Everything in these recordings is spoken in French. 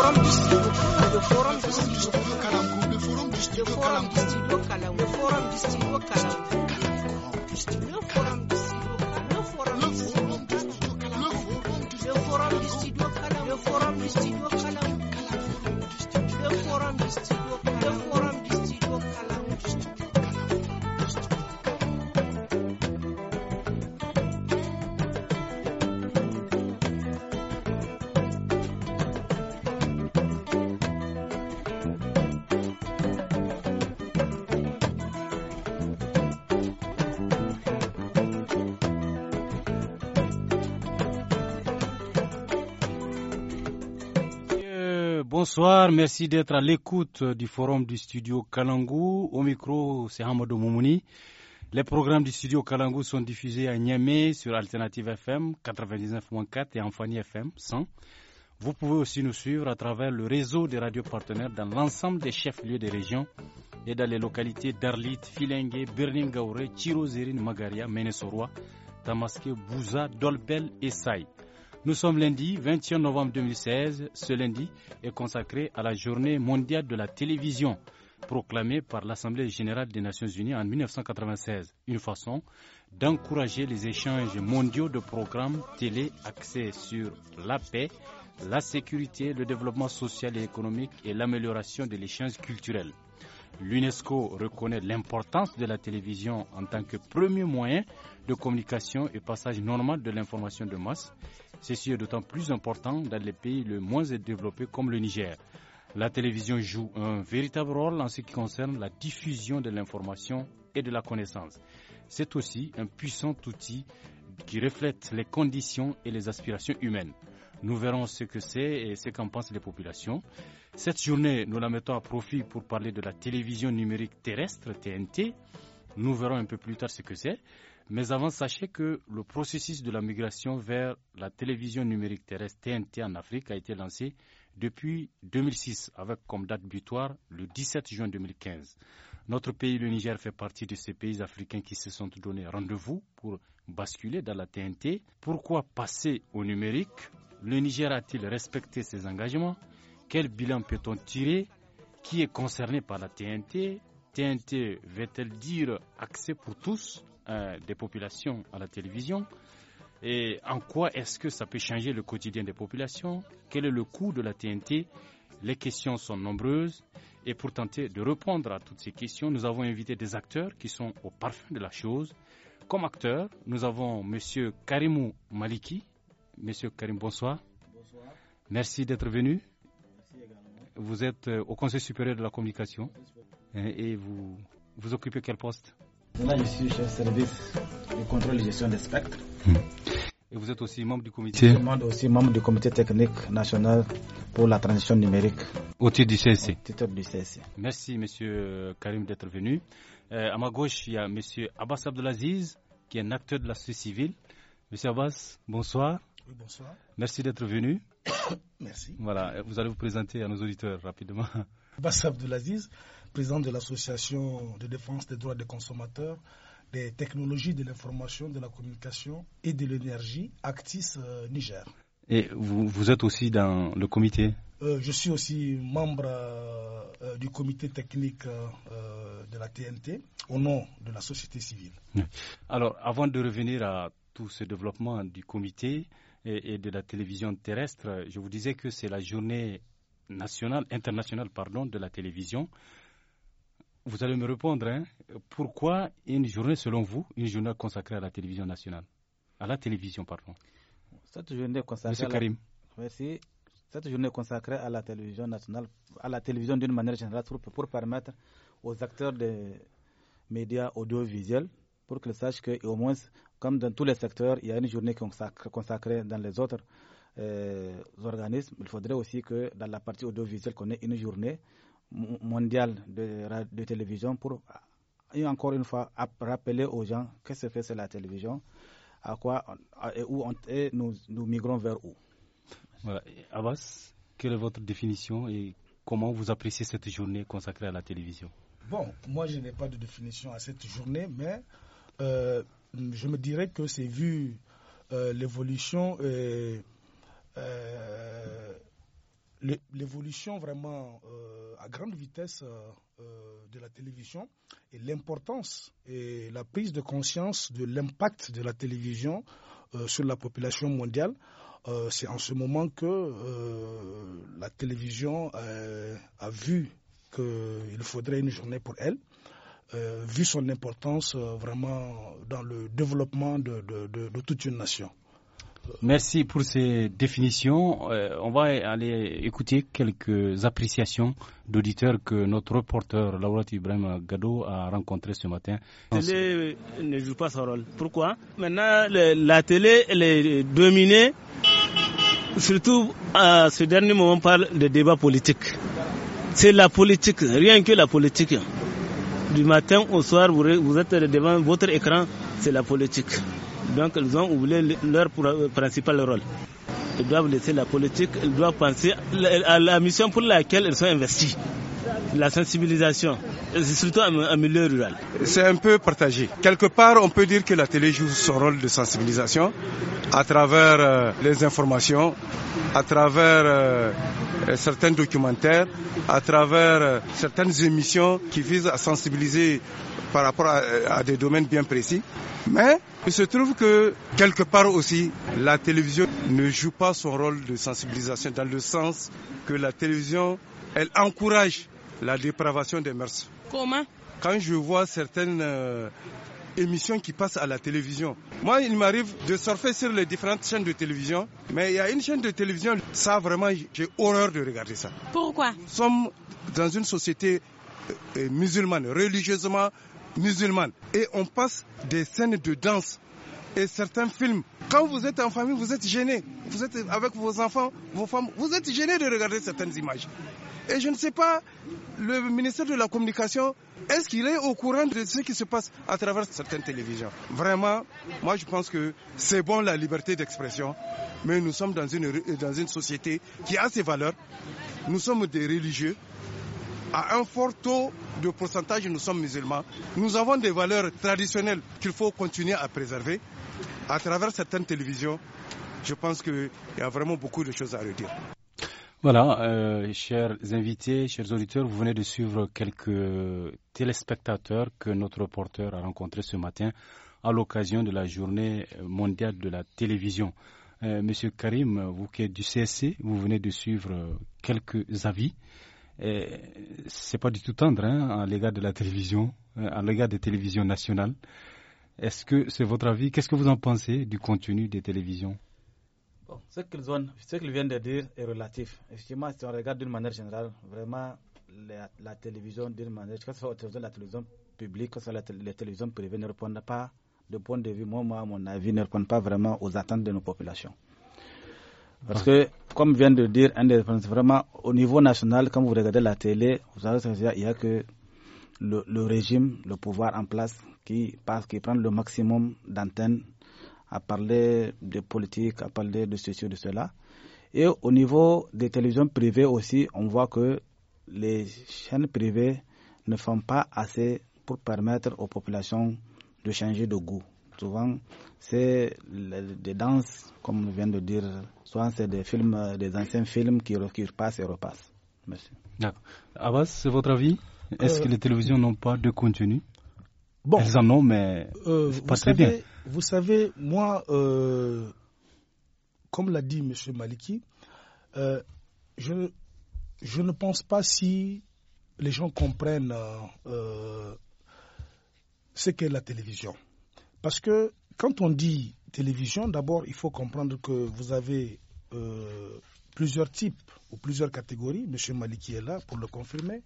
forum du le forum du le forum du forum du Bonsoir, merci d'être à l'écoute du forum du studio Kalangou. Au micro, c'est Hamadou Moumouni. Les programmes du studio Kalangou sont diffusés à Niamey sur Alternative FM 99.4 et Amphani FM 100. Vous pouvez aussi nous suivre à travers le réseau des radios partenaires dans l'ensemble des chefs-lieux des régions et dans les localités d'Arlit, Filengue, Berlingaoure, Tirozerine, Magaria, Menesoroa, Tamaské, Bouza, Dolbel et Saï. Nous sommes lundi 21 novembre 2016. Ce lundi est consacré à la journée mondiale de la télévision proclamée par l'Assemblée générale des Nations unies en 1996. Une façon d'encourager les échanges mondiaux de programmes télé axés sur la paix, la sécurité, le développement social et économique et l'amélioration de l'échange culturel. L'UNESCO reconnaît l'importance de la télévision en tant que premier moyen de communication et passage normal de l'information de masse. Ceci est d'autant plus important dans les pays le moins développés comme le Niger. La télévision joue un véritable rôle en ce qui concerne la diffusion de l'information et de la connaissance. C'est aussi un puissant outil qui reflète les conditions et les aspirations humaines. Nous verrons ce que c'est et ce qu'en pensent les populations. Cette journée, nous la mettons à profit pour parler de la télévision numérique terrestre, TNT. Nous verrons un peu plus tard ce que c'est. Mais avant, sachez que le processus de la migration vers la télévision numérique terrestre TNT en Afrique a été lancé depuis 2006 avec comme date butoir le 17 juin 2015. Notre pays, le Niger, fait partie de ces pays africains qui se sont donnés rendez-vous pour basculer dans la TNT. Pourquoi passer au numérique Le Niger a-t-il respecté ses engagements quel bilan peut-on tirer Qui est concerné par la TNT TNT veut-elle dire accès pour tous euh, des populations à la télévision Et en quoi est-ce que ça peut changer le quotidien des populations Quel est le coût de la TNT Les questions sont nombreuses. Et pour tenter de répondre à toutes ces questions, nous avons invité des acteurs qui sont au parfum de la chose. Comme acteur, nous avons M. Karimou Maliki. Monsieur Karim, bonsoir. Bonsoir. Merci d'être venu vous êtes euh, au Conseil supérieur de la communication hein, et vous, vous occupez quel poste Là, je suis chef service de contrôle et gestion des spectres. Hmm. Et vous êtes aussi membre du comité Je suis aussi membre du comité technique national pour la transition numérique. Au titre du CSC. Au titre Merci, monsieur Karim, d'être venu. Euh, à ma gauche, il y a monsieur Abbas Abdelaziz, qui est un acteur de la société civile. Monsieur Abbas, bonsoir. Oui, bonsoir. Merci d'être venu. Merci. Voilà, vous allez vous présenter à nos auditeurs rapidement. de Laziz, président de l'Association de défense des droits des consommateurs, des technologies de l'information, de la communication et de l'énergie, Actis euh, Niger. Et vous, êtes aussi dans le comité euh, Je suis aussi membre euh, du comité technique de la TNT au nom de la société civile. Alors, avant de revenir à tout ce développement du comité, et, de la télévision terrestre, je vous disais que c'est la journée nationale, internationale pardon, de la télévision. Vous allez me répondre, hein, pourquoi une journée, selon vous, une journée consacrée à la télévision nationale À la télévision, pardon. Cette journée consacrée. Monsieur Karim. Merci. Cette journée consacrée à la télévision nationale, à la télévision d'une manière générale, pour, pour permettre aux acteurs des médias audiovisuels, pour qu'ils sachent qu'au moins comme dans tous les secteurs, il y a une journée consacrée dans les autres euh, organismes. Il faudrait aussi que dans la partie audiovisuelle, qu'on ait une journée mondiale de, télévision pour, encore une fois, rappeler aux gens qu'est-ce que c'est la télévision, à quoi et où on, nous, nous migrons vers où. Voilà. Abbas, quelle est votre définition et comment vous appréciez cette journée consacrée à la télévision Bon, moi je n'ai pas de définition à cette journée, mais euh, je me dirais que c'est vu euh, l'évolution, euh, euh, l'évolution vraiment à grande vitesse de la télévision et l'importance et la prise de conscience de l'impact de la télévision sur la population mondiale. c'est en ce moment que la télévision a vu qu'il faudrait une journée pour elle. Euh, vu son importance euh, vraiment dans le développement de, toute une nation. Merci pour ces définitions. Euh, on va aller écouter quelques appréciations d'auditeurs que notre reporter Laura Ibrahim Gado a rencontré ce matin. La télé ne joue pas son rôle. Pourquoi Maintenant, la télé elle est dominée, surtout à ce dernier moment, par le débat politique. C'est la politique, rien que la politique du matin au soir, vous, êtes devant votre écran, c'est la politique. Donc ils ont oublié leur principal rôle. Ils doivent laisser la politique, ils doivent penser à la mission pour laquelle ils sont investis la sensibilisation, surtout en, milieu rural. C'est un peu partagé. Quelque part, on peut dire que la télé joue son rôle de sensibilisation à travers euh, les informations, à travers euh, euh, certains documentaires, à travers certaines émissions qui visent à sensibiliser par rapport à, à, des domaines bien précis. Mais il se trouve que quelque part aussi, la télévision ne joue pas son rôle de sensibilisation dans le sens que la télévision, elle encourage la dépravation des mœurs. Comment Quand je vois certaines euh, émissions qui passent à la télévision, moi il m'arrive de surfer sur les différentes chaînes de télévision, mais il y a une chaîne de télévision, ça vraiment j'ai horreur de regarder ça. Pourquoi Nous sommes dans une société euh, euh, musulmane, religieusement musulmane, et on passe des scènes de danse et certains films. Quand vous êtes en famille, vous êtes gêné. Vous êtes avec vos enfants, vos femmes, vous êtes gêné de regarder certaines images. Et je ne sais pas, le ministère de la Communication, est-ce qu'il est au courant de ce qui se passe à travers certaines télévisions Vraiment, moi je pense que c'est bon la liberté d'expression, mais nous sommes dans une, dans une société qui a ses valeurs. Nous sommes des religieux. À un fort taux de pourcentage, nous sommes musulmans. Nous avons des valeurs traditionnelles qu'il faut continuer à préserver. À travers certaines télévisions, je pense qu'il y a vraiment beaucoup de choses à redire. Voilà, euh, chers invités, chers auditeurs, vous venez de suivre quelques téléspectateurs que notre reporter a rencontrés ce matin à l'occasion de la journée mondiale de la télévision. Euh, Monsieur Karim, vous qui êtes du CSC, vous venez de suivre quelques avis. C'est pas du tout tendre hein, à l'égard de la télévision, euh, à l'égard des télévisions nationales. Est-ce que c'est votre avis Qu'est-ce que vous en pensez du contenu des télévisions ce qu'ils viennent de dire est relatif. Effectivement, si on regarde d'une manière générale, vraiment, la, télévision, d'une manière, que ce soit la télévision publique, que ce la, télévision télévisions ne répondent pas, de point de vue, moi, à mon avis, ne répondent pas vraiment aux attentes de nos populations. Parce que, comme vient de dire un des vraiment, au niveau national, quand vous regardez la télé, vous savez, il n'y a que le, régime, le pouvoir en place qui, passe, qui prend le maximum d'antennes à parler de politique, à parler de ceci, de cela. Et au niveau des télévisions privées aussi, on voit que les chaînes privées ne font pas assez pour permettre aux populations de changer de goût. Souvent, c'est des danses, comme on vient de dire, souvent c'est des films, des anciens films qui, repassent et repassent. Merci. Abbas, c'est votre avis Est-ce euh, que les télévisions n'ont pas de contenu Bon, mais euh, Vous savez, moi, euh, comme l'a dit M. Maliki, euh, je, je, ne pense pas si les gens comprennent ce qu'est la télévision. Parce que quand on dit télévision, d'abord, il faut comprendre que vous avez plusieurs types ou plusieurs catégories. M. Maliki est là pour le confirmer.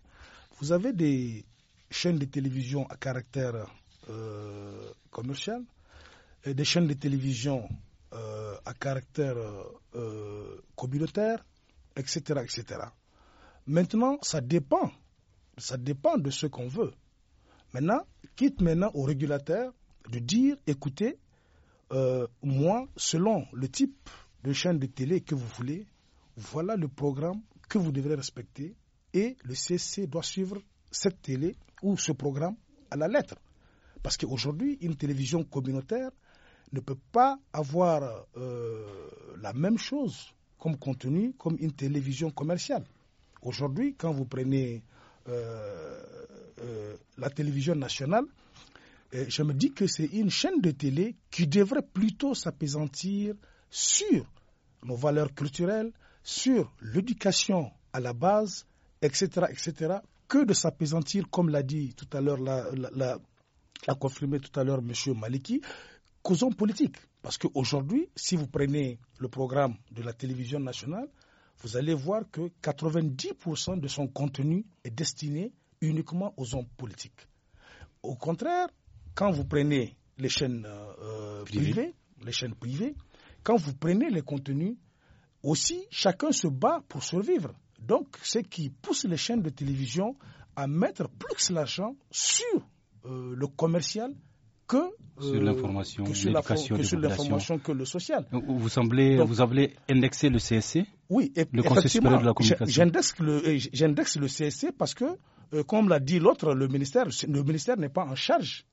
Vous avez des chaînes de télévision à caractère euh, commercial des chaînes de télévision euh, à caractère euh, communautaire, etc., etc. Maintenant, ça dépend. Ça dépend de ce qu'on veut. Maintenant, quitte maintenant au régulateur de dire, écoutez, moi, selon le type de chaîne de télé que vous voulez, voilà le programme que vous devrez respecter et le CC doit suivre cette télé ou ce programme à la lettre. Parce qu'aujourd'hui, une télévision communautaire ne peut pas avoir euh, la même chose comme contenu comme une télévision commerciale. Aujourd'hui, quand vous prenez euh, euh, la télévision nationale, je me dis que c'est une chaîne de télé qui devrait plutôt s'apaisantir sur nos valeurs culturelles, sur l'éducation à la base, etc., etc., que de s'apaisantir, comme l'a dit tout à l'heure, l'a, confirmé tout à l'heure M. Maliki, qu'aux hommes politiques. Parce qu'aujourd'hui, si vous prenez le programme de la télévision nationale, vous allez voir que 90% de son contenu est destiné uniquement aux hommes politiques. Au contraire, quand vous prenez les chaînes euh, euh, privées, les chaînes privées, quand vous prenez les contenus, aussi chacun se bat pour survivre. Donc, ce qui pousse les chaînes de télévision à mettre plus l'argent sur euh, le commercial que sur euh, l'information, que sur l'information, que, le social. vous semblez, vous avez indexé le CSC. Oui, et, le Conseil de la communication. J'indexe le, CSC euh, parce que, comme l'a dit l'autre, le ministère, le ministère n'est pas en charge.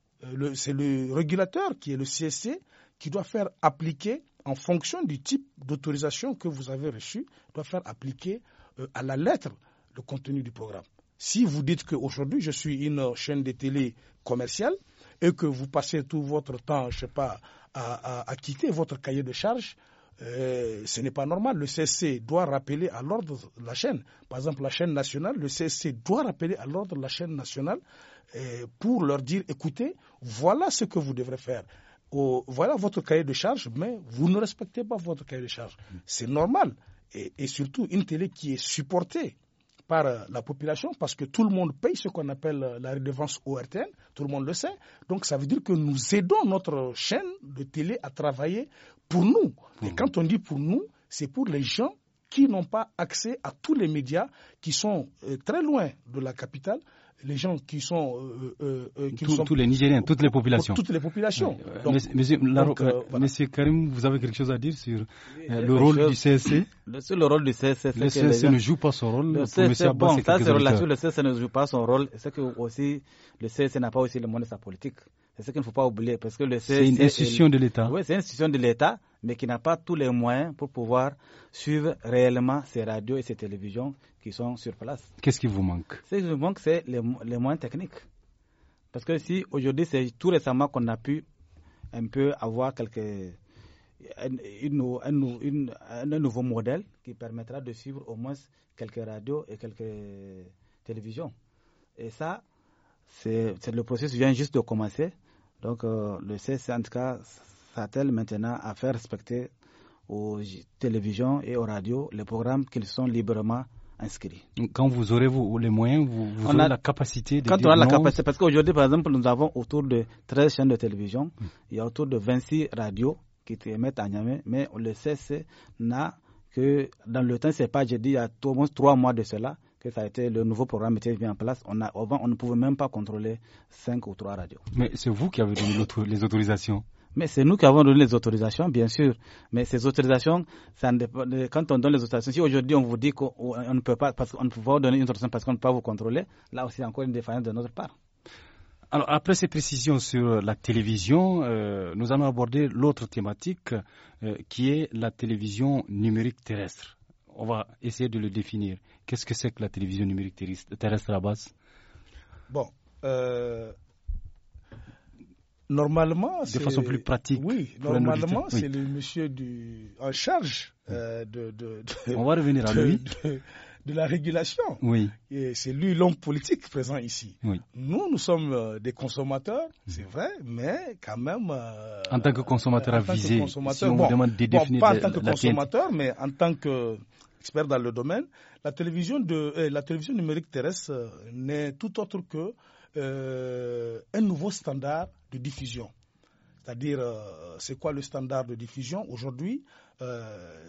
c'est le régulateur qui est le CSC qui doit faire appliquer en fonction du type d'autorisation que vous avez reçu, doit faire appliquer euh, à la lettre le contenu du programme. Si vous dites qu'aujourd'hui je suis une euh, chaîne de télé commerciale et que vous passez tout votre temps, je sais pas, à, à, quitter votre cahier de charges, euh, ce n'est pas normal. Le CC doit rappeler à l'ordre la chaîne. Par exemple, la chaîne nationale, le CC doit rappeler à l'ordre la chaîne nationale pour leur dire écoutez, voilà ce que vous devrez faire. voilà votre cahier de charge, mais vous ne respectez pas votre cahier de charge. Mm. C'est normal et, surtout une télé qui est supportée par euh, la population parce que tout le monde paye ce qu'on appelle euh, la redevance ORTN, tout le monde le sait. Donc ça veut dire que nous aidons notre chaîne de télé à travailler pour nous. Et mmh. quand on dit pour nous, c'est pour les gens qui n'ont pas accès à tous les médias qui sont euh, très loin de la capitale les gens qui euh, euh, euh, sont. tous les Nigériens, toutes les populations. Toutes les populations. monsieur, monsieur, Karim, vous avez quelque chose à dire sur le rôle, du le, le rôle du CSC Le CSC, ne joue pas son rôle. Le CSC, ne joue pas son rôle. que aussi, le CSC n'a pas aussi le monde de sa politique. C'est ce qu'il ne faut pas oublier parce que C'est une institution de l'État. Oui, c'est une institution de l'État, mais qui n'a pas tous les moyens pour pouvoir suivre réellement ces radios et ces télévisions qui sont sur place. Qu'est-ce qui vous manque Ce qui vous manque, c'est les, moyens techniques. Parce que si aujourd'hui, c'est tout récemment qu'on a pu un peu avoir quelques, un nouveau modèle qui permettra de suivre au moins quelques radios et quelques télévisions. Et ça, c'est le processus vient juste de commencer. Donc euh, le CSC, s'attelle maintenant à faire respecter aux télévisions et aux radios les programmes qu'ils sont librement inscrits. Quand vous aurez vous, les moyens, vous, on a, la capacité de Quand on a la capacité, parce qu'aujourd'hui, par exemple, nous avons autour de 13 chaînes de télévision, mm. il y a autour de 26 radios qui émettent à Niamey, mais le CSC n'a que dans le temps, c'est pas, j'ai dit, il y a au moins trois mois de cela, que ça a été le nouveau programme qui été mis en place. On on ne pouvait même pas contrôler cinq ou trois radios. Mais c'est vous qui avez donné les autorisations. Mais c'est nous qui avons donné les autorisations, bien sûr. Mais ces autorisations, ça euh, quand on donne les autorisations, si aujourd'hui on vous dit qu'on ne peut pas, parce qu'on ne peut pas vous donner une autorisation parce qu'on ne peut pas vous contrôler, là aussi encore une défaillance de notre part. Alors, après ces précisions sur la télévision, euh, nous allons aborder l'autre thématique euh, qui est la télévision numérique terrestre on va essayer de le définir. Qu'est-ce que c'est que la télévision numérique terrestre à base Bon. Euh, normalement. De façon plus pratique. Oui, normalement, c'est le monsieur du, en charge euh, de, On va revenir à lui. De, la régulation. Oui. Et c'est lui l'homme politique présent ici. Oui. Nous, nous sommes euh, des consommateurs, c'est mm. vrai, mais quand même. en tant que consommateur avisé, si on vous demande de bon, Pas en tant que consommateur, mais en tant que expert dans le domaine, la télévision, euh, numérique terrestre euh, n'est tout autre que euh, un nouveau standard de diffusion. C'est-à-dire, c'est quoi le standard de diffusion Aujourd'hui,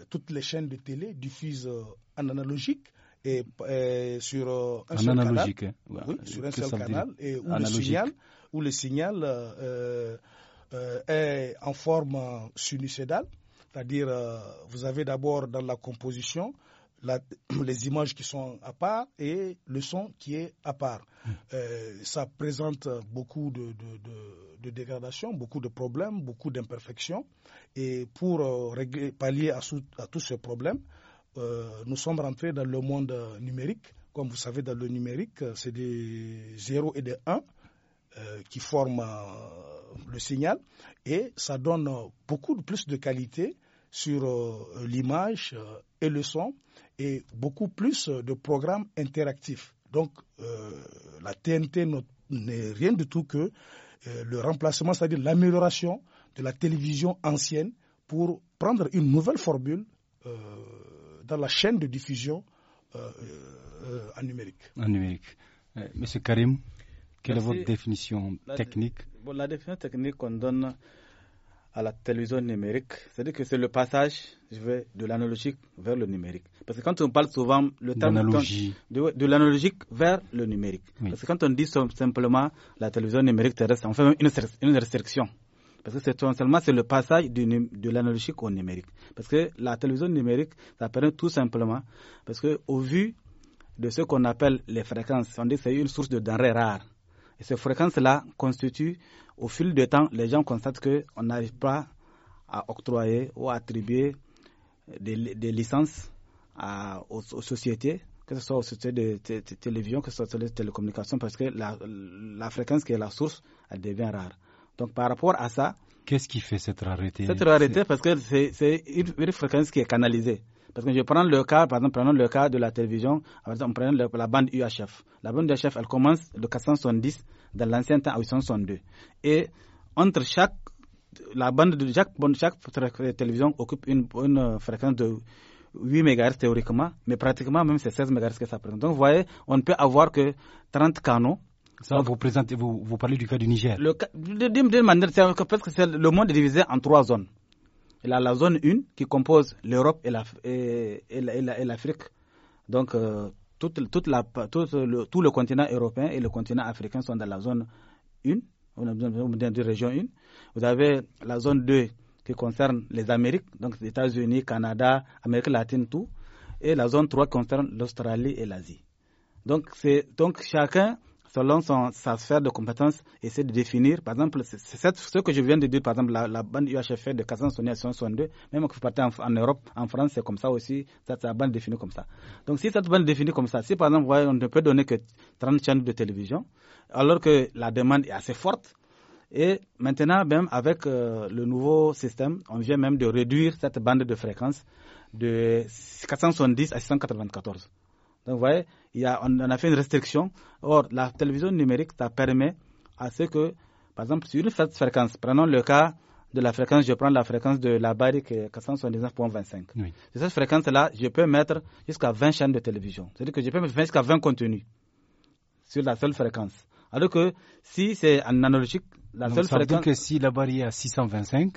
toutes les chaînes de télé diffusent en analogique et, sur un seul canal. sur un canal où le signal, où le signal est en forme sinusoidale c'est-à-dire, euh, vous avez d'abord dans la composition les images qui sont à part et le son qui est à part. Hmm. Euh, ça présente beaucoup de, dégradations, dégradation, beaucoup de problèmes, beaucoup d'imperfections. Et pour euh, régler, pallier à, tous ces problèmes, nous sommes rentrés dans le monde numérique. Comme vous savez, dans le numérique, c'est des 0 et des 1 qui forment le signal et ça donne beaucoup plus de qualité sur euh, l'image euh, et le son et beaucoup plus de programmes interactifs. Donc euh, la TNT n'est rien du tout que le remplacement, c'est-à-dire l'amélioration de la télévision ancienne pour prendre une nouvelle formule dans la chaîne de diffusion en numérique. En numérique. Monsieur Karim, quelle est votre définition technique La définition technique qu'on donne à la télévision numérique, c'est-à-dire que c'est le passage je vais, de l'analogique vers le numérique. Parce que quand on parle souvent le terme de, l'analogique vers le numérique, parce que quand on dit simplement la télévision numérique terrestre, on fait une, restriction. Parce que c'est seulement c'est le passage de l'analogique au numérique. Parce que la télévision numérique, ça permet tout simplement, parce que au vu de ce qu'on appelle les fréquences, on dit que c'est une source de denrées rares ces fréquences-là constituent, au fil du temps, les gens constatent qu'on n'arrive pas à octroyer ou attribuer des, licences aux, sociétés, que ce soit aux sociétés de télévision, que ce soit aux sociétés de télécommunications, parce que la, fréquence qui est la source, elle devient rare. Donc par rapport à ça... Qu'est-ce qui fait cette rareté Cette rareté, parce que c'est une fréquence qui est canalisée. Parce que je prends le cas, par exemple, prenons le cas de la télévision, par exemple, la bande UHF. La bande UHF, elle commence de 470 dans l'ancien temps à 862. Et entre chaque, la bande de chaque, chaque télévision occupe une, euh, fréquence de 8 MHz théoriquement, mais pratiquement même c'est 16 MHz que ça présente. Donc vous voyez, on ne peut avoir que 30 canaux. Ça, vous, présentez, vous, vous parlez du cas du Niger. même manière, c'est que le monde est divisé en trois zones il a la zone 1 qui compose l'Europe et l'Afrique. Donc, euh, tout le continent européen et le continent africain sont dans la zone 1, on besoin 1. Vous avez la zone 2 qui concerne les Amériques, donc les États-Unis, Canada, Amérique latine, tout. Et la zone 3 concerne l'Australie et l'Asie. donc chacun selon sa sphère de compétence, essaie de définir, par exemple, ce que je viens de dire, par exemple, la, bande UHF de 470 à même que vous partez en, Europe, en France, c'est comme ça aussi, ça, c'est bande définie comme ça. Donc, si cette bande est définie comme ça, si par exemple, on ne peut donner que 30 chaînes de télévision, alors que la demande est assez forte, et maintenant, même avec euh, le nouveau système, on vient même de réduire cette bande de fréquence de 470 à 694. Donc, vous voyez, il y a, on, a fait une restriction. Or, la télévision numérique, ça permet à ce que, par exemple, sur une fréquence, prenons le cas de la fréquence, je prends la fréquence de la est 479.25. Sur cette fréquence-là, je peux mettre jusqu'à 20 chaînes de télévision. C'est-à-dire que je peux mettre jusqu'à 20 contenus sur la seule fréquence. Alors que si c'est en analogique, la Donc seule ça fréquence. Veut dire que si la barre est à 625.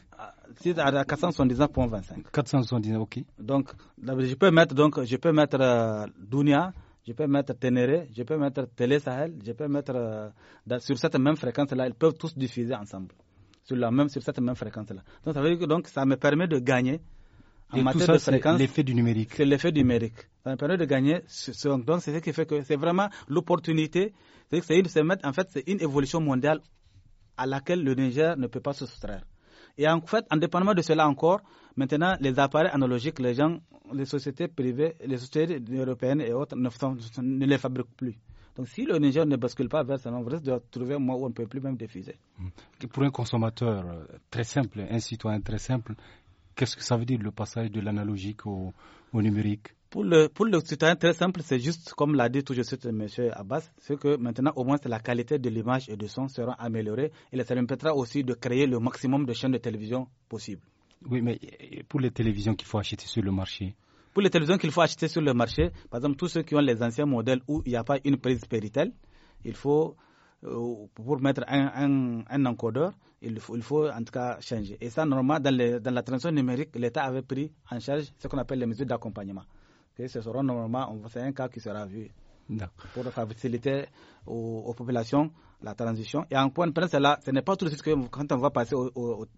C'est ah, à 479.25. 479, ok. Donc, je peux mettre, donc, je peux mettre euh, Dunia, je peux mettre Ténéré, je peux mettre Télé Sahel, je peux mettre euh, sur cette même fréquence-là, ils peuvent tous diffuser ensemble sur la même sur cette même fréquence-là. Donc ça veut dire que donc ça me permet de gagner en tout ça, de C'est l'effet du numérique. C'est l'effet du numérique. Ça me permet de gagner. Donc c'est ce qui fait que c'est vraiment l'opportunité. C'est en fait c'est une évolution mondiale à laquelle le Niger ne peut pas se soustraire. Et en fait, indépendamment de cela encore, maintenant, les appareils analogiques, les gens, les sociétés privées, les sociétés européennes et autres ne, les fabriquent plus. Donc si le Niger ne bascule pas vers ça, on risque de trouver un mois où on ne peut plus même diffuser. Mm. Pour un consommateur euh, très simple, un citoyen très simple, qu'est-ce que ça veut dire le passage de l'analogique au numérique pour le, pour le citoyen, très simple, c'est juste, comme l'a dit tout de suite M. Abbas, c'est que maintenant, au moins, la qualité de l'image et du son sera améliorée et ça permettra aussi de créer le maximum de chaînes de télévision possible. Oui, mais euh, pour les télévisions qu'il faut acheter sur le marché, pour les télévisions qu'il faut acheter sur le marché, par exemple, tous ceux qui ont les anciens modèles où il n'y a pas une prise Péritel, il faut, euh, pour mettre un, un encodeur, il faut, il faut, en tout cas changer. Et ça, normalement, dans, dans la transition numérique, l'État avait pris en charge ce qu'on appelle les mesures d'accompagnement ce normalement, c'est un cas qui sera vu pour faciliter aux, populations la transition. Et en point de presse, là, ce n'est pas tout de suite que quand on va passer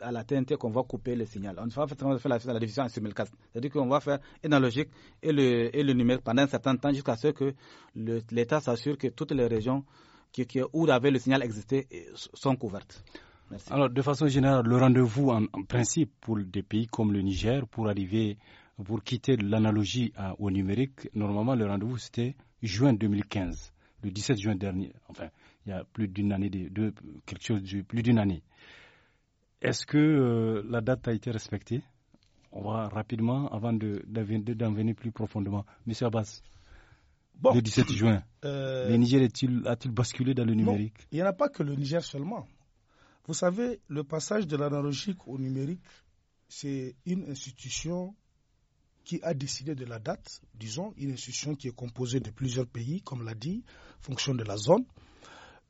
à la TNT qu'on va couper le signal. On va faire la, division en cas C'est-à-dire qu'on va faire analogique et le, et le numérique pendant un certain temps jusqu'à ce que l'État s'assure que toutes les régions qui, où avait le signal existait sont couvertes. Merci. Alors, de façon générale, le rendez-vous en principe pour des pays comme le Niger pour arriver pour quitter l'analogie euh, au numérique, normalement, le rendez-vous, c'était juin 2015, le 17 juin dernier. Enfin, il y a plus d'une année, de, quelque chose de plus d'une année. Est-ce que euh, la date a été respectée On va rapidement, avant d'en venir plus profondément. Monsieur Abbas, le 17 juin, euh, le Niger a-t-il basculé dans le numérique Il n'y en a pas que le Niger seulement. Vous savez, le passage de l'analogique au numérique, c'est une institution qui a décidé de la date, disons, une institution qui est composée de plusieurs pays, comme l'a dit, fonction de la zone.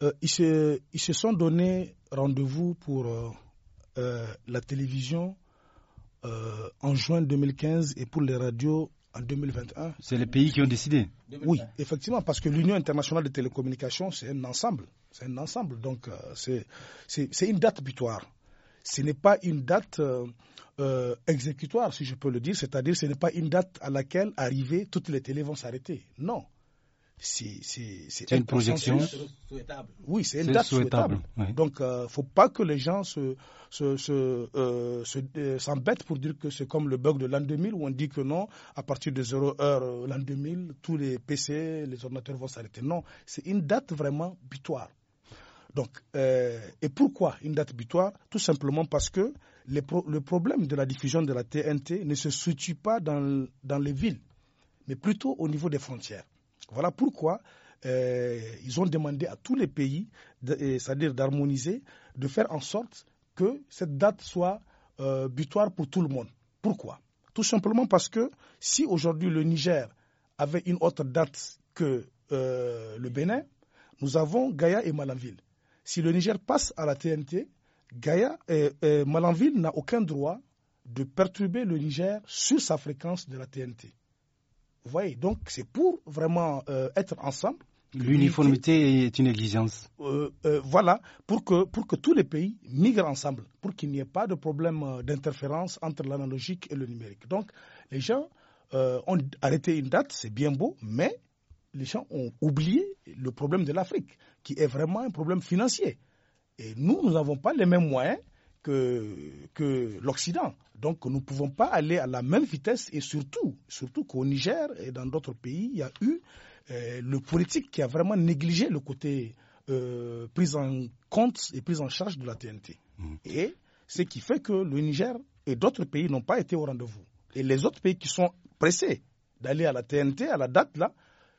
Euh, ils, se, sont donné rendez-vous pour euh, euh, la télévision en juin 2015 et pour les radios en 2021. C'est les pays qui ont décidé Oui, effectivement, parce que l'Union internationale de télécommunications, c'est un ensemble. C'est un ensemble, donc c'est une date butoir ce n'est pas une date euh, euh, exécutoire, si je peux le dire, c'est-à-dire ce n'est pas une date à laquelle arriver toutes les télés vont s'arrêter. Non. C'est une projection souhaitable. Oui, c'est une date souhaitable. Donc, il euh, ne faut pas que les gens s'embêtent se, se, pour dire que c'est comme le bug de l'an 2000 où on dit que non, à partir de 0 heure l'an 2000, tous les PC, les ordinateurs vont s'arrêter. Non, c'est une date vraiment butoir. Donc, euh, et pourquoi une date butoir Tout simplement parce que le problème de la diffusion de la TNT ne se situe pas dans, les villes, mais plutôt au niveau des frontières. Voilà pourquoi euh, ils ont demandé à tous les pays, c'est-à-dire d'harmoniser, de faire en sorte que cette date soit euh, butoir pour tout le monde. Pourquoi Tout simplement parce que si aujourd'hui le Niger avait une autre date que le Bénin, nous avons Gaïa et Malanville. Si le Niger passe à la TNT, Gaïa, et Malanville n'a aucun droit de perturber le Niger sur sa fréquence de la TNT. Vous voyez, donc c'est pour vraiment euh, être ensemble. L'uniformité est une exigence. Euh, euh, voilà, pour que, pour que tous les pays migrent ensemble, pour qu'il n'y ait pas de problème d'interférence entre l'analogique et le numérique. Donc, les gens ont arrêté une date, c'est bien beau, mais les gens ont oublié le problème de l'Afrique qui est vraiment un problème financier. Et nous, nous n'avons pas les mêmes moyens que, que l'Occident. Donc nous ne pouvons pas aller à la même vitesse et surtout, surtout qu'au Niger et dans d'autres pays, il y a eu euh, le politique qui a vraiment négligé le côté euh, prise en compte et prise en charge de la TNT. Mm. Et ce qui fait que le Niger et d'autres pays n'ont pas été au rendez-vous. Et les autres pays qui sont pressés d'aller à la TNT, à la date là,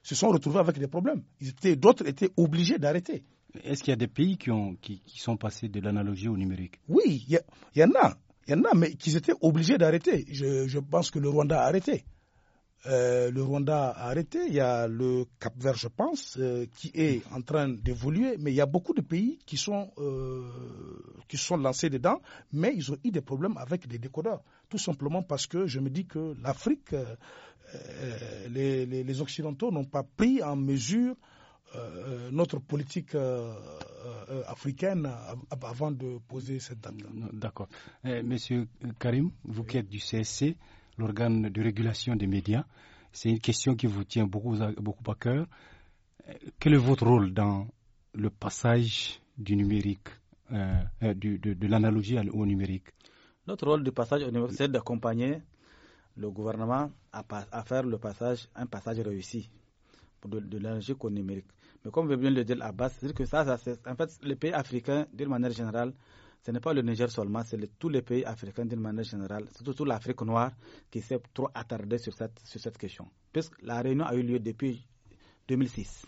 se sont retrouvés avec des problèmes. D'autres étaient obligés d'arrêter. Est-ce qu'il y a des pays qui, ont, qui, sont passés de l'analogie au numérique Oui, il y, en a. Il y en a, mais qui étaient obligés d'arrêter. Je, pense que le Rwanda a arrêté. Euh, le Rwanda a arrêté. Il y a le Cap Vert, je pense, euh, qui est en train d'évoluer. Mais il y a beaucoup de pays qui sont, euh, qui sont lancés dedans, mais ils ont eu des problèmes avec des décodeurs. Tout simplement parce que je me dis que l'Afrique euh, les, les, Occidentaux n'ont pas pris en mesure euh, notre politique euh, africaine avant de poser cette demande. D'accord. Eh, monsieur Karim, vous qui êtes du CSC, l'organe de régulation des médias, c'est une question qui vous tient beaucoup, beaucoup à cœur. Eh, quel est votre rôle dans le passage du numérique, de, de l'analogie au numérique Notre rôle du passage au numérique, c'est d'accompagner le gouvernement a à faire le passage, un passage réussi de, l'énergie au numérique. Mais comme veut bien le dire à base, c'est-à-dire que ça, ça en fait, les pays africains, d'une manière générale, ce n'est pas le Niger seulement, c'est tous les pays africains d'une manière générale, c'est surtout l'Afrique noire qui s'est trop attardée sur cette, sur cette question. Puisque la réunion a eu lieu depuis 2006,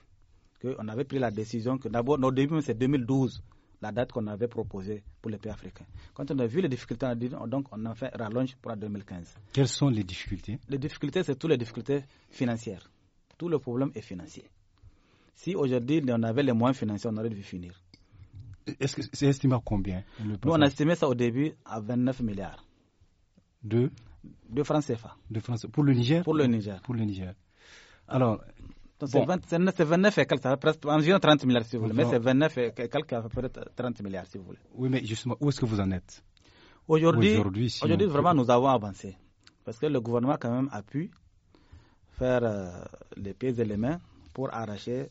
qu'on avait pris la décision que d'abord, nos débuts, c'est 2012, la date qu'on avait proposée pour les pays africains. Quand on a vu les difficultés, on a dit, oh, donc on a fait rallonge pour 2015. Quelles sont les difficultés Les difficultés, c'est toutes les difficultés financières. Tout le problème est financier. Si aujourd'hui on avait les moyens financiers, on aurait dû finir. Est-ce que c'est estimé à combien Nous, on a estimé ça au début à 29 milliards. De De francs CFA. De France, Pour le Niger Pour le Niger. Pour le Niger. Alors, donc c'est 29 et quelques, presque, environ 30 milliards si vous voulez, mais c'est 29 et quelques, à peu près 30 milliards si vous voulez. Oui, mais justement, où est-ce que vous en êtes Aujourd'hui, vraiment, nous avons avancé. Parce que le gouvernement, quand même, a pu faire euh, les pieds et les mains pour arracher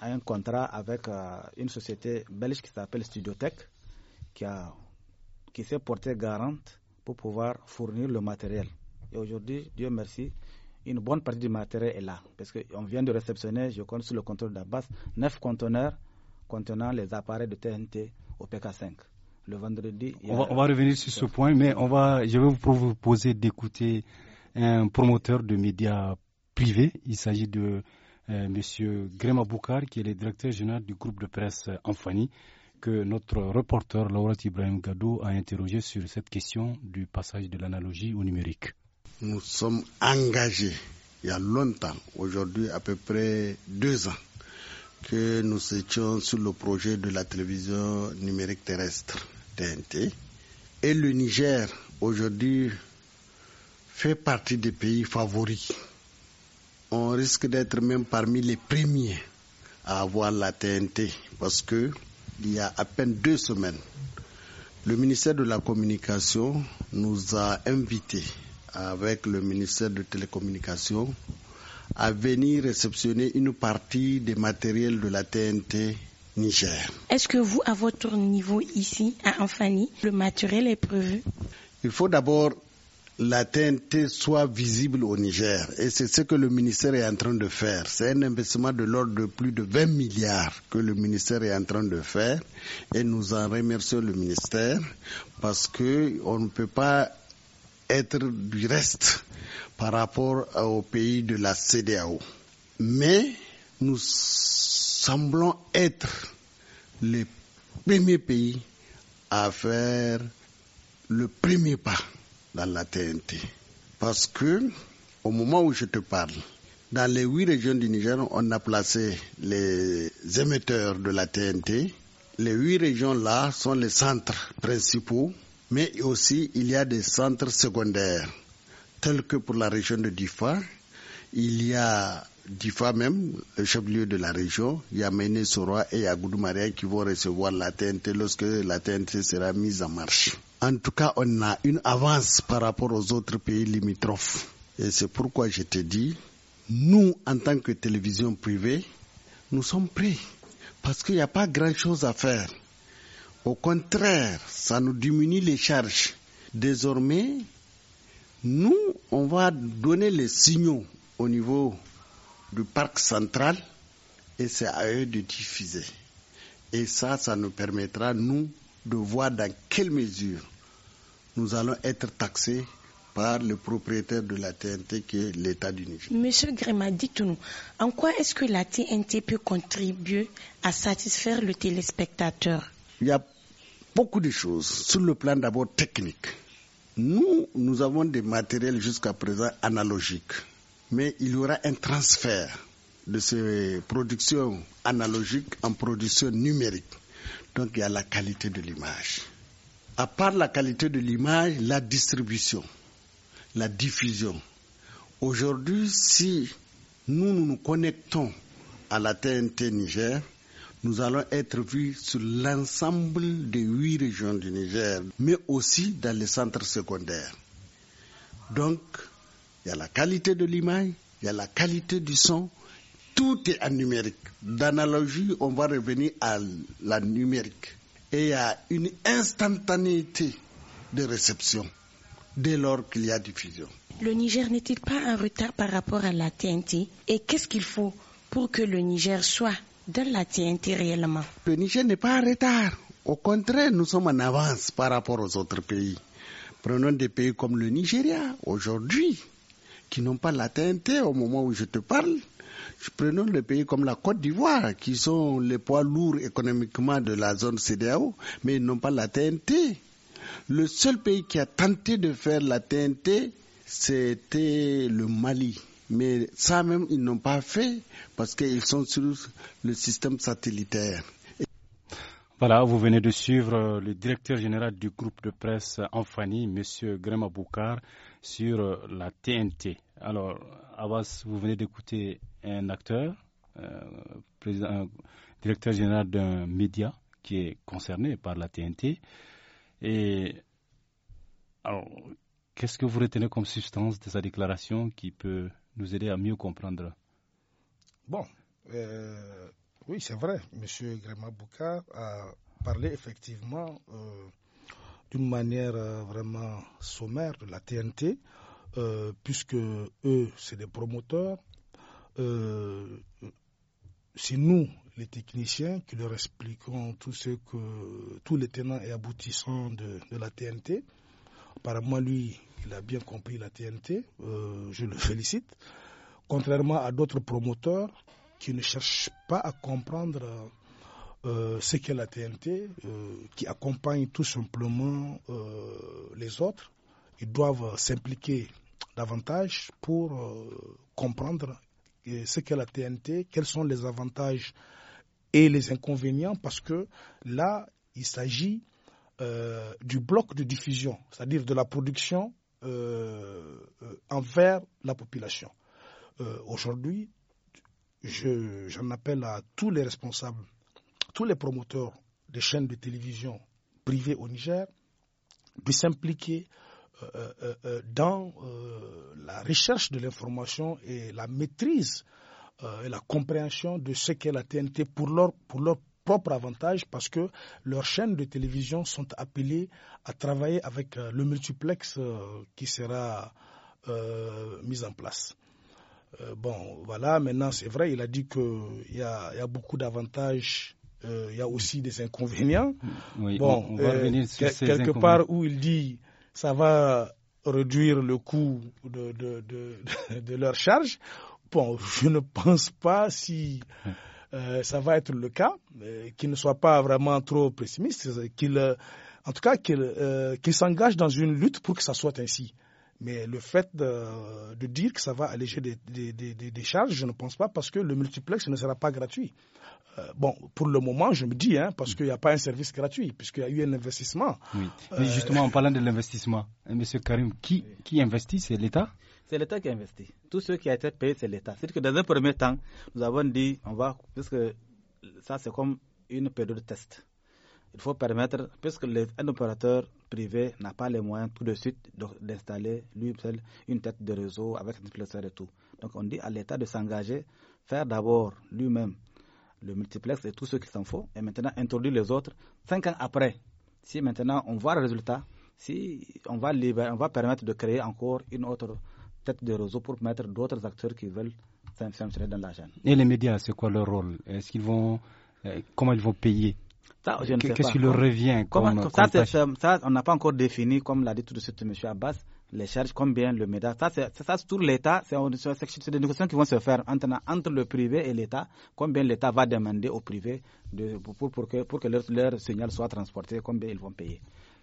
un contrat avec euh, une société belge qui s'appelle Studiotech, qui, qui s'est portée garante pour pouvoir fournir le matériel. Et aujourd'hui, Dieu merci, une bonne partie du matériel est là. Parce qu'on vient de réceptionner, je compte sous le contrôle de la base, neuf conteneurs contenant les appareils de TNT au PK5. Le vendredi. On va, revenir sur ce point, mais on va, je vais vous proposer d'écouter un promoteur de médias privés. Il s'agit de M. Euh, monsieur Grema Boukar, qui est le directeur général du groupe de presse Enfani, que notre reporter laurent Ibrahim Gadou a interrogé sur cette question du passage de l'analogie au numérique nous sommes engagés il y a longtemps, aujourd'hui à peu près deux ans, que nous étions sur le projet de la télévision numérique terrestre, TNT. Et le Niger, aujourd'hui, fait partie des pays favoris. On risque d'être même parmi les premiers à avoir la TNT, parce que il y a à peine deux semaines, le ministère de la Communication nous a invités avec le ministère de Télécommunications à venir réceptionner une partie des matériels de la TNT Niger. Est-ce que vous, à votre niveau ici, à Anfani, le matériel est prévu Il faut d'abord la TNT soit visible au Niger. Et c'est ce que le ministère est en train de faire. C'est un investissement de l'ordre de plus de 20 milliards que le ministère est en train de faire. Et nous en remercions le ministère parce que on ne peut pas être du reste par rapport aux pays de la CDAO. Mais nous semblons être les premiers pays à faire le premier pas dans la TNT. Parce que, au moment où je te parle, dans les huit régions du Niger, on a placé les émetteurs de la TNT. Les huit régions-là sont les centres principaux mais aussi il y a des centres secondaires, tels que pour la région de Difa, il y a Difa même, le chef-lieu de la région, il y a Méné Soroa et Maria qui vont recevoir la TNT lorsque la TNT sera mise en marche. En tout cas, on a une avance par rapport aux autres pays limitrophes. Et c'est pourquoi je te dis, nous, en tant que télévision privée, nous sommes prêts. Parce qu'il n'y a pas grand-chose à faire. Au contraire, ça nous diminue les charges. Désormais, nous, on va donner les signaux au niveau du parc central et c'est à eux de diffuser. Et ça, ça nous permettra, nous, de voir dans quelle mesure nous allons être taxés par le propriétaire de la TNT qui est l'État du Niger. Monsieur Grima, dites-nous, en quoi est-ce que la TNT peut contribuer à satisfaire le téléspectateur Il a beaucoup de choses sur le plan d'abord technique. Nous, nous avons des matériels jusqu'à présent analogiques, mais il y aura un transfert de ces productions analogiques en production numérique. Donc il y a la qualité de l'image. À part la qualité de l'image, la distribution, la diffusion. Aujourd'hui, si nous, nous connectons à la TNT Niger, nous allons être vus sur l'ensemble des huit régions du Niger, mais aussi dans les centres secondaires. Donc, il y a la qualité de l'image, il y a la qualité du son, tout est en numérique. D'analogie, on va revenir à la numérique. Et il y a une instantanéité de réception dès lors qu'il y a diffusion. Le Niger n'est-il pas en retard par rapport à la TNT Et qu'est-ce qu'il faut pour que le Niger soit de la TNT réellement. Le Niger n'est pas en retard. Au contraire, nous sommes en avance par rapport aux autres pays. Prenons des pays comme le Nigeria aujourd'hui, qui n'ont pas la TNT au moment où je te parle. Prenons des pays comme la Côte d'Ivoire, qui sont les poids lourds économiquement de la zone CDAO, mais ils n'ont pas la TNT. Le seul pays qui a tenté de faire la TNT, c'était le Mali. Mais ça même, ils n'ont pas fait parce qu'ils sont sur le système satellitaire. Voilà, vous venez de suivre euh, le directeur général du groupe de presse Enfani, M. Grema Boukar, sur euh, la TNT. Alors, Abbas, vous venez d'écouter un acteur, euh, directeur général d'un média qui est concerné par la TNT. Et qu'est-ce que vous retenez comme substance de sa déclaration qui peut nous aider à mieux comprendre Bon, euh, oui, c'est vrai. Monsieur Gréma Bouka a parlé effectivement euh, d'une manière euh, vraiment sommaire de la TNT, puisque eux, c'est des promoteurs. c'est nous, les techniciens, qui leur expliquons tout ce que tous les tenants et aboutissants de la TNT. Apparemment, lui, il a bien compris la TNT. Euh, je le félicite. Contrairement à d'autres promoteurs qui ne cherchent pas à comprendre euh, ce qu'est la TNT, euh, qui accompagnent tout simplement les autres, ils doivent s'impliquer davantage pour comprendre ce qu'est la TNT, quels sont les avantages et les inconvénients, parce que là, il s'agit euh, du bloc de diffusion, c'est-à-dire de la production euh, euh envers la population. Euh, aujourd'hui, j'en appelle à tous les responsables, tous les promoteurs des chaînes de télévision privées au Niger de s'impliquer euh, euh, euh, dans la recherche de l'information et la maîtrise et la compréhension de ce qu'est la TNT pour leur, pour leur propre avantage parce que leurs chaînes de télévision sont appelées à travailler avec euh, le multiplex euh, qui sera euh, mis en place. bon, voilà, maintenant c'est vrai, il a dit qu'il y, y, a beaucoup d'avantages. il y a aussi des inconvénients. Oui, bon, quelque part où il dit ça va réduire le coût de, de, de, de leur charge. Bon, je ne pense pas si euh, ça va être le cas, qu'il ne soit pas vraiment trop pessimiste, qu'il, euh, en tout cas, euh, qu'il s'engage dans une lutte pour que ça soit ainsi. Mais le fait de, dire que ça va alléger des, charges, je ne pense pas parce que le multiplex ne sera pas gratuit. bon, pour le moment, je me dis, hein, parce qu'il n'y a pas un service gratuit, puisqu'il y a eu un investissement. Oui. Mais justement, en parlant de l'investissement, hein, M. Karim, qui, qui investit C'est l'État c'est l'État qui investit. Tout ce qui a été payé, c'est l'État. C'est-à-dire que dans un premier temps, nous avons dit, on va, puisque ça c'est comme une période de test. Il faut permettre, puisque les, un opérateur privé n'a pas les moyens tout de suite d'installer lui même une tête de réseau avec un multiplexeur et tout. Donc on dit à l'État de s'engager, faire d'abord lui-même le multiplex et tout ce qui s'en faut, et maintenant introduire les autres. Cinq ans après, si maintenant on voit le résultat, si on va, on va permettre de créer encore une autre tête de réseau pour mettre d'autres acteurs qui veulent s'insérer dans la chaîne. Et les médias, c'est quoi leur rôle Est-ce qu'ils vont, euh, comment ils vont payer Qu'est-ce qui leur revient ça, on n'a pas encore défini, comme l'a dit tout de suite M. Abbas, les charges, combien le média... Ça, c'est tout l'État, c'est des négociations qui vont se faire entre, entre le privé et l'État. Combien l'État va demander au privé de, pour, pour, que, pour que leur, leur, signal soit transporté, combien ils vont payer.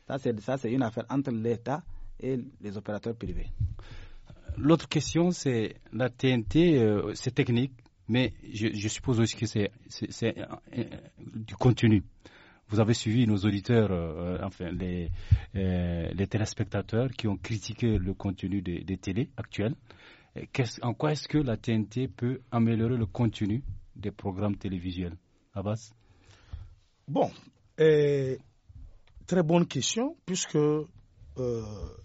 Ça, c'est une affaire entre l'État et les opérateurs privés l'autre question, c'est la TNT, euh, c'est technique, mais je, suppose aussi que c'est euh, du contenu. Vous avez suivi nos auditeurs, euh, enfin les, téléspectateurs qui ont critiqué le contenu des, télés actuelles. en quoi est-ce que la TNT peut améliorer le contenu des programmes télévisuels Abbas Bon, très bonne question, puisque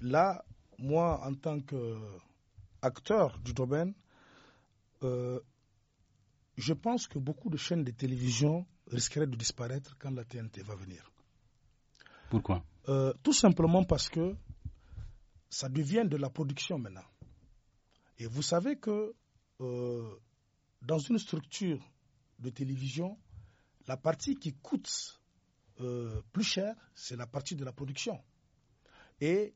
là, moi, en tant que acteurs du domaine, euh, je pense que beaucoup de chaînes de télévision risqueraient de disparaître quand la TNT va venir. Pourquoi euh, Tout simplement parce que ça devient de la production maintenant. Et vous savez que euh, dans une structure de télévision, la partie qui coûte plus cher, c'est la partie de la production. Et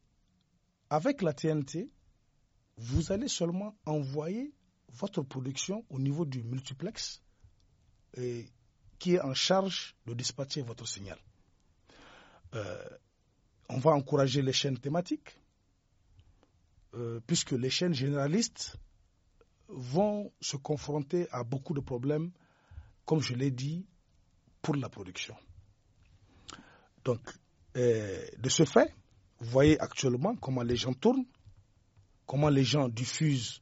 avec la TNT, vous allez seulement envoyer votre production au niveau du multiplex qui est en charge de dispatcher votre signal. Euh, on va encourager les chaînes thématiques, euh, puisque les chaînes généralistes vont se confronter à beaucoup de problèmes, comme je l'ai dit, pour la production. Donc, euh, de ce fait, vous voyez actuellement comment les gens tournent comment les gens diffusent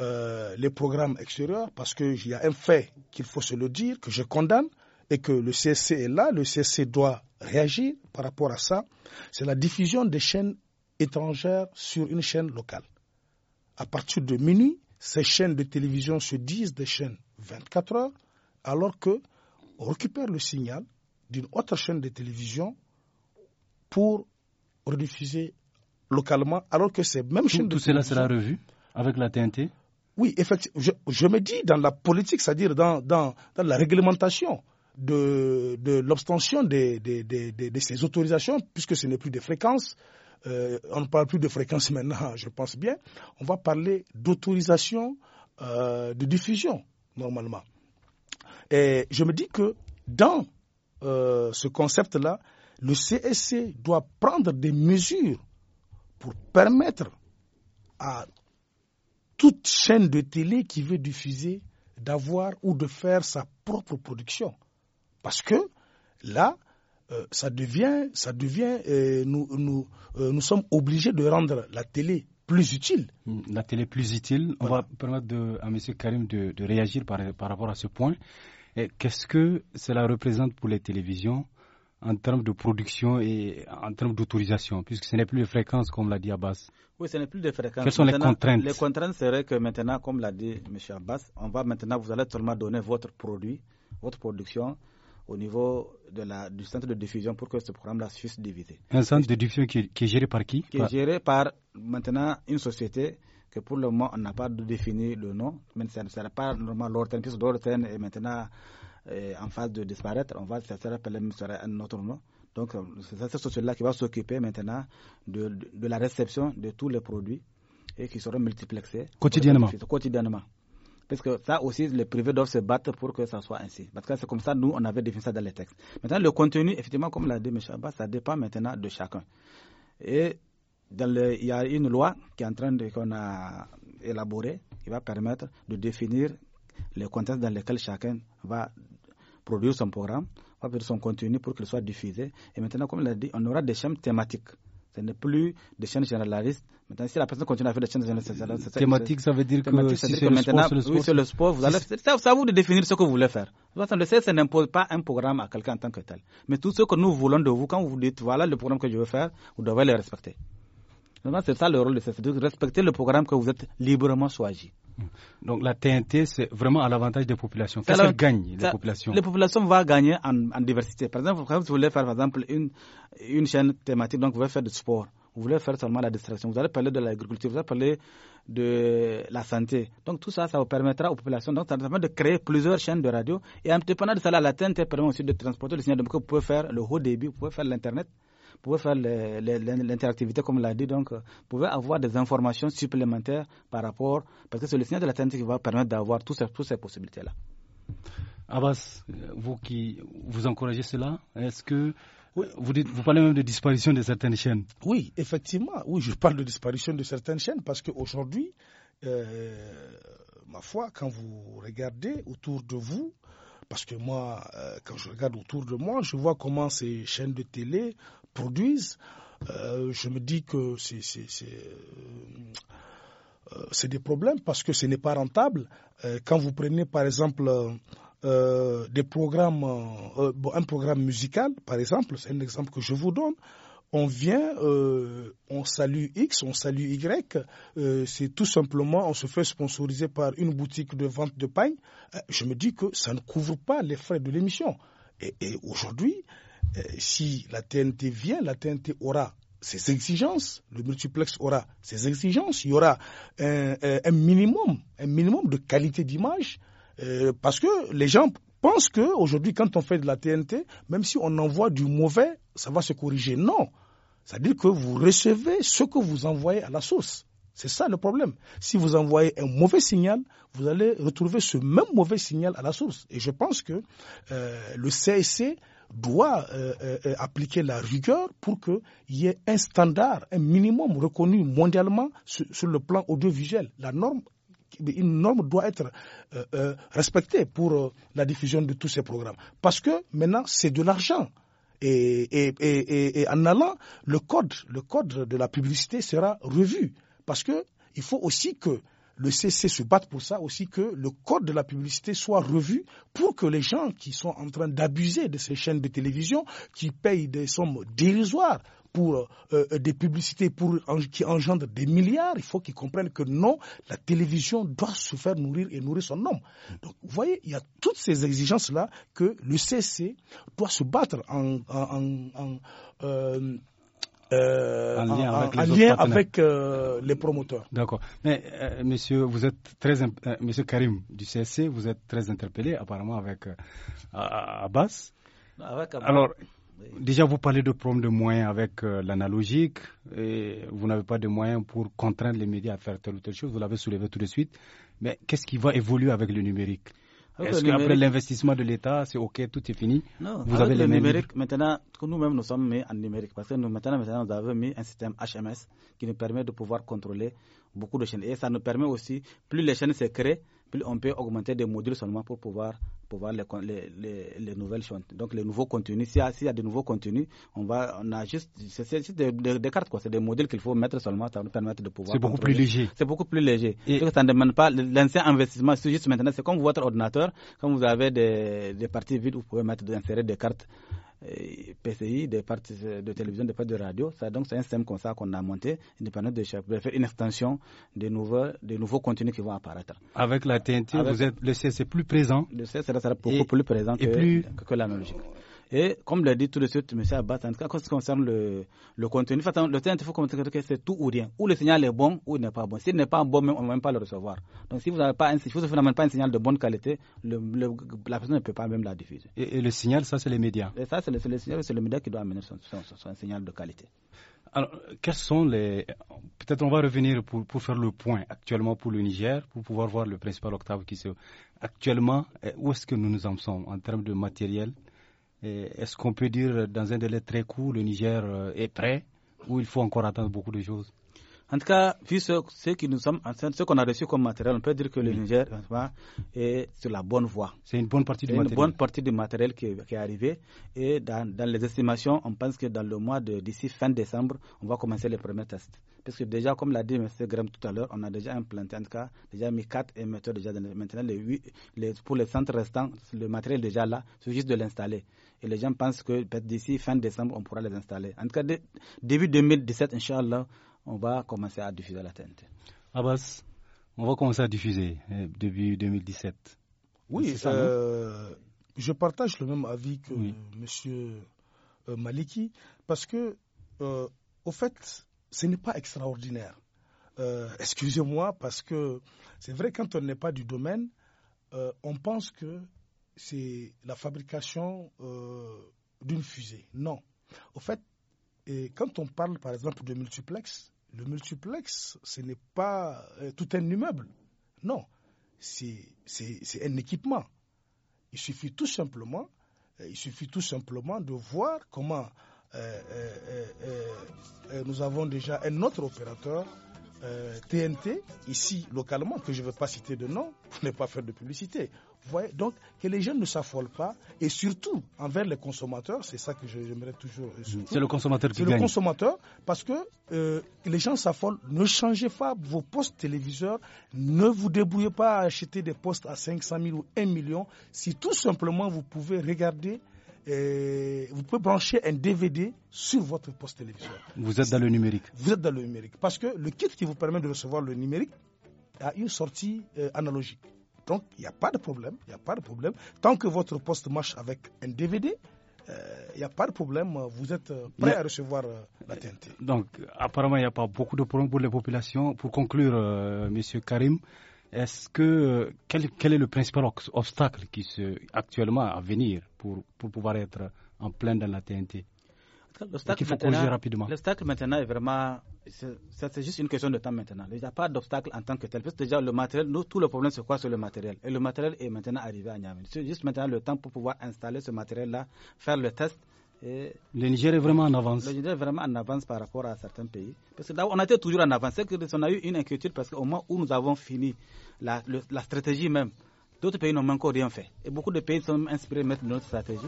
euh, les programmes extérieurs, parce qu'il y a un fait qu'il faut se le dire, que je condamne, et que le CSC est là, le CSC doit réagir par rapport à ça, c'est la diffusion des chaînes étrangères sur une chaîne locale. À partir de minuit, ces chaînes de télévision se disent des chaînes 24 heures, alors qu'on récupère le signal d'une autre chaîne de télévision pour rediffuser localement, alors que c'est même... chez nous tout de cela sera revu avec la TNT Oui, effectivement. Je, me dis dans la politique, c'est-à-dire dans, dans, la réglementation de, de l'obtention de, ces autorisations, puisque ce n'est plus des fréquences. Euh, on ne parle plus de fréquences maintenant, je pense bien. On va parler d'autorisation euh, de diffusion, normalement. Et je me dis que dans euh, ce concept-là, le CSC doit prendre des mesures pour permettre à toute chaîne de télé qui veut diffuser d'avoir ou de faire sa propre production. Parce que là, euh, ça devient, ça devient euh, nous, euh, nous, sommes obligés de rendre la télé plus utile. La télé plus utile. On va permettre à M. Karim de, réagir par, rapport à ce point. Qu'est-ce que cela représente pour les télévisions en termes de production et en termes d'autorisation, puisque ce n'est plus de fréquences, comme l'a dit Abbas. Oui, ce n'est plus de fréquences. Quelles sont les contraintes Les contraintes seraient que maintenant, comme l'a dit M. Abbas, on va maintenant, vous allez seulement donner votre produit, votre production au niveau de la, du centre de diffusion pour que ce programme-là puisse diviser. Un centre de diffusion qui, est géré par qui Qui est géré par maintenant une société que pour le moment on n'a pas défini le nom, mais ça n'est pas normalement l'Orten, puisque l'Orten est maintenant en phase de disparaître, on va, ça sera un autre nom. Donc, c'est cette société-là qui va s'occuper maintenant de, la réception de tous les produits et qui seront multiplexés quotidiennement. quotidiennement. Parce que ça aussi, les privés doivent se battre pour que ça soit ainsi. Parce que c'est comme ça, nous, on avait défini ça dans les textes. Maintenant, le contenu, effectivement, comme l'a dit M. Abbas, ça dépend maintenant de chacun. Et il y a une loi qui est en train de, qu'on a élaborée qui va permettre de définir les contextes dans lesquels chacun va produire son programme, faire son contenu pour qu'il soit diffusé. Et maintenant, comme il a dit, on aura des chaînes thématiques. Ce n'est plus des chaînes généralistes. Maintenant, si la personne continue à faire des chaînes généralistes, thématique, ça veut dire que c'est le, sport, le le sport vous allez, c'est à vous de définir ce que vous voulez faire. Le CS n'impose pas un programme à quelqu'un en tant que tel. Mais tout ce que nous voulons de vous, quand vous dites voilà le programme que je veux faire, vous devez le respecter. C'est ça le rôle de CS, de respecter le programme que vous êtes librement choisi. Donc la TNT, c'est vraiment à l'avantage des populations. Qu'est-ce qu'elles gagnent, les populations Les populations vont gagner en, diversité. Par exemple, vous voulez faire, par exemple, une, une chaîne thématique, donc vous voulez faire du sport vous voulez faire seulement la distraction, vous allez parler de l'agriculture, vous allez parler de la santé. Donc tout ça, ça vous permettra aux populations donc, de créer plusieurs chaînes de radio. Et en dépendant de cela, la TNT permet aussi de transporter le signal. Donc vous pouvez faire le haut débit, vous pouvez faire l'Internet pouvez faire l'interactivité, comme l'a dit, donc, euh, vous pouvez avoir des informations supplémentaires par rapport, parce que c'est le signal de la qui va permettre d'avoir toutes ces, ces possibilités-là. Abbas, euh, vous qui vous encouragez cela, est-ce que euh, vous, dites, vous parlez même de disparition de certaines chaînes Oui, effectivement, oui, je parle de disparition de certaines chaînes parce qu'aujourd'hui, ma foi, quand vous regardez autour de vous, parce que moi, quand je regarde autour de moi, je vois comment ces chaînes de télé produisent, euh, je me dis que euh, c'est des problèmes parce que ce n'est pas rentable. Euh, quand vous prenez par exemple des programmes, un programme musical par exemple, c'est un exemple que je vous donne. On vient, on salue X, on salue Y. c'est tout simplement, on se fait sponsoriser par une boutique de vente de pain. Je me dis que ça ne couvre pas les frais de l'émission. et aujourd'hui, euh, si la TNT vient, la TNT aura ses exigences, le multiplex aura ses exigences, il y aura un, euh, minimum, un minimum de qualité d'image, euh, parce que les gens pensent que aujourd'hui, quand on fait de la TNT, même si on envoie du mauvais, ça va se corriger. Non, c'est-à-dire que vous recevez ce que vous envoyez à la source. C'est ça le problème. Si vous envoyez un mauvais signal, vous allez retrouver ce même mauvais signal à la source. Et je pense que le CSC doit euh, euh, euh, appliquer la rigueur pour qu'il y ait un standard, un minimum reconnu mondialement sur, le plan audiovisuel. La norme une norme doit être respectée pour la diffusion de tous ces programmes. Parce que maintenant, c'est de l'argent. Et, et, en allant, le code, le code de la publicité sera revu. Parce que faut aussi que le CC se batte pour ça aussi, que le code de la publicité soit revu pour que les gens qui sont en train d'abuser de ces chaînes de télévision, qui payent des sommes dérisoires pour euh, euh, des publicités pour, qui engendrent des milliards, il faut qu'ils comprennent que non, la télévision doit se faire nourrir et nourrir son homme. Donc, vous voyez, il y a toutes ces exigences-là que le CC doit se battre en, euh, euh, en lien avec, euh, les, promoteurs. D'accord. Mais euh, monsieur, vous êtes très, euh, monsieur Karim du CSC, vous êtes très interpellé apparemment avec bah, Abbas. Alors, déjà vous parlez de problème de moyens avec l'analogique et vous n'avez pas de moyens pour contraindre les médias à faire telle ou telle chose. Vous l'avez soulevé tout de suite. Mais qu'est-ce qui va évoluer avec le numérique est-ce qu'après l'investissement de l'État, c'est OK, tout est fini Non, vous avez le numérique, maintenant, nous-mêmes, nous sommes mis en numérique. Parce que nous, maintenant, maintenant, nous avons mis un système HMS qui nous permet de pouvoir contrôler beaucoup de chaînes. Et ça nous permet aussi, plus les chaînes se créent, plus on peut augmenter des modules seulement pour pouvoir pour voir les, les, les, nouvelles donc les nouveaux contenus. S'il y, y, a de nouveaux contenus, on va, on a juste, des, cartes quoi, c'est des modèles qu'il faut mettre seulement, ça nous permettre de pouvoir. C'est beaucoup plus léger. C'est beaucoup plus léger. Et ça ne demande pas l'ancien investissement. C'est juste maintenant, c'est comme votre ordinateur, quand vous avez des, des parties vides, vous pouvez mettre, insérer des cartes PCI, des parties euh, de télévision, des parties de radio. Ça, donc, c'est un système comme ça qu'on a monté, indépendant de chaque. faire une extension des nouveaux, nouveaux contenus qui vont apparaître. Avec la TNT, vous êtes, le CS est plus présent. Le CS sera, beaucoup plus présent que, plus... que, et comme l'a dit tout de suite M. Abbas, en tout cas, en ce qui concerne le, contenu, le temps il faut comprendre que c'est tout ou rien. Ou le signal est bon ou il n'est pas bon. S'il n'est pas bon, on ne va même pas le recevoir. Donc si vous n'avez pas un, si pas un signal de bonne qualité, la personne ne peut pas même la diffuser. Et, le signal, ça, c'est les médias. Et ça, c'est le, le, signal, c'est le média qui doit amener son, son, signal de qualité. Alors, quels sont les. Peut-être on va revenir pour, faire le point actuellement pour le Niger, pour pouvoir voir le principal octave qui se. Actuellement, où est-ce que nous nous en sommes en termes de matériel est-ce qu'on peut dire euh, dans un délai très court, le Niger euh, est prêt ou il faut encore attendre beaucoup de choses en tout cas, vu ce, ce qu'on a reçu comme matériel, on peut dire que le Niger est sur la bonne voie. C'est une bonne partie du matériel. qui, est, arrivé. Et dans, les estimations, on pense que dans le mois de d'ici fin décembre, on va commencer les premiers tests. Parce que déjà, comme l'a dit M. Graham tout à l'heure, on a déjà implanté, en tout cas, déjà mis 4 émetteurs déjà. Maintenant, pour les centres restants, le matériel est déjà là, c'est juste de l'installer. Et les gens pensent que d'ici fin décembre, on pourra les installer. En tout cas, début 2017, Inch'Allah, on va commencer à diffuser la tente. Abbas, on va commencer à diffuser euh, début 2017. Oui, euh, je partage le même avis que Monsieur M. Euh, Maliki, parce que, au fait, ce n'est pas extraordinaire. Excusez-moi, parce que c'est vrai, quand on n'est pas du domaine, on pense que c'est la fabrication euh, d'une fusée. Non. Au fait, quand on parle par exemple de multiplex, le multiplex, ce n'est pas euh, tout un immeuble. Non. C'est un équipement. Il suffit tout simplement, euh, il suffit tout simplement de voir comment nous avons déjà un autre opérateur TNT, ici localement, que je ne veux pas citer de nom pour ne pas faire de publicité. Donc, que les gens ne s'affolent pas, et surtout envers les consommateurs, c'est ça que j'aimerais toujours. Euh, c'est le consommateur qui gagne. C'est le consommateur, parce que euh, les gens s'affolent. Ne changez pas vos postes téléviseurs, ne vous débrouillez pas à acheter des postes à 500 000 ou 1 million, si tout simplement vous pouvez regarder euh, vous pouvez brancher un DVD sur votre poste téléviseur. Vous êtes dans le numérique. Vous êtes dans le numérique. Parce que le kit qui vous permet de recevoir le numérique a une sortie analogique. Donc, il n'y a pas de problème. Il n'y a pas de problème. Tant que votre poste marche avec un DVD, euh, il n'y a pas de problème, vous êtes euh, prêt à recevoir euh, la TNT. Donc, apparemment, il n'y a pas beaucoup de problèmes pour les populations. Pour conclure, Monsieur Karim, est-ce que quel, est le principal obstacle qui se actuellement à venir pour, pour pouvoir être en plein dans la TNT rapidement. L'obstacle maintenant est vraiment. C'est juste une question de temps maintenant. Il n'y a pas d'obstacle en tant que tel. Parce que déjà, le matériel, nous, tout le problème, c'est quoi sur le matériel. Et le matériel est maintenant arrivé à Niamey. C'est juste maintenant le temps pour pouvoir installer ce matériel-là, faire le test. Et le Niger est vraiment en avance. Le Niger est vraiment en avance par rapport à certains pays. Parce que là, on était toujours en avance. C'est on a eu une inquiétude parce qu'au moment où nous avons fini la, la stratégie même D'autres pays n'ont encore rien fait. Et beaucoup de pays sont inspirés de notre stratégie.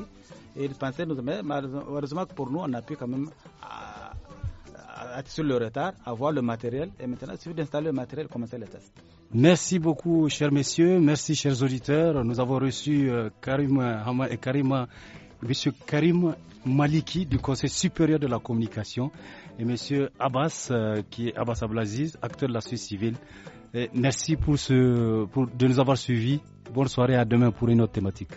Et ils pensaient nous que pour nous, on a pu quand même à, euh, sur le retard, avoir le matériel. Et maintenant, il suffit d'installer le matériel et commencer les tests. Merci beaucoup, chers messieurs. Merci, chers auditeurs. Nous avons reçu euh, Karim Hama et Karima, Karim Maliki du Conseil supérieur de la communication et monsieur Abbas, euh, qui est Abbas Ablaziz, acteur de la Suisse civile. merci pour, ce, de nous avoir suivis. Bonne soirée, à demain pour une autre thématique.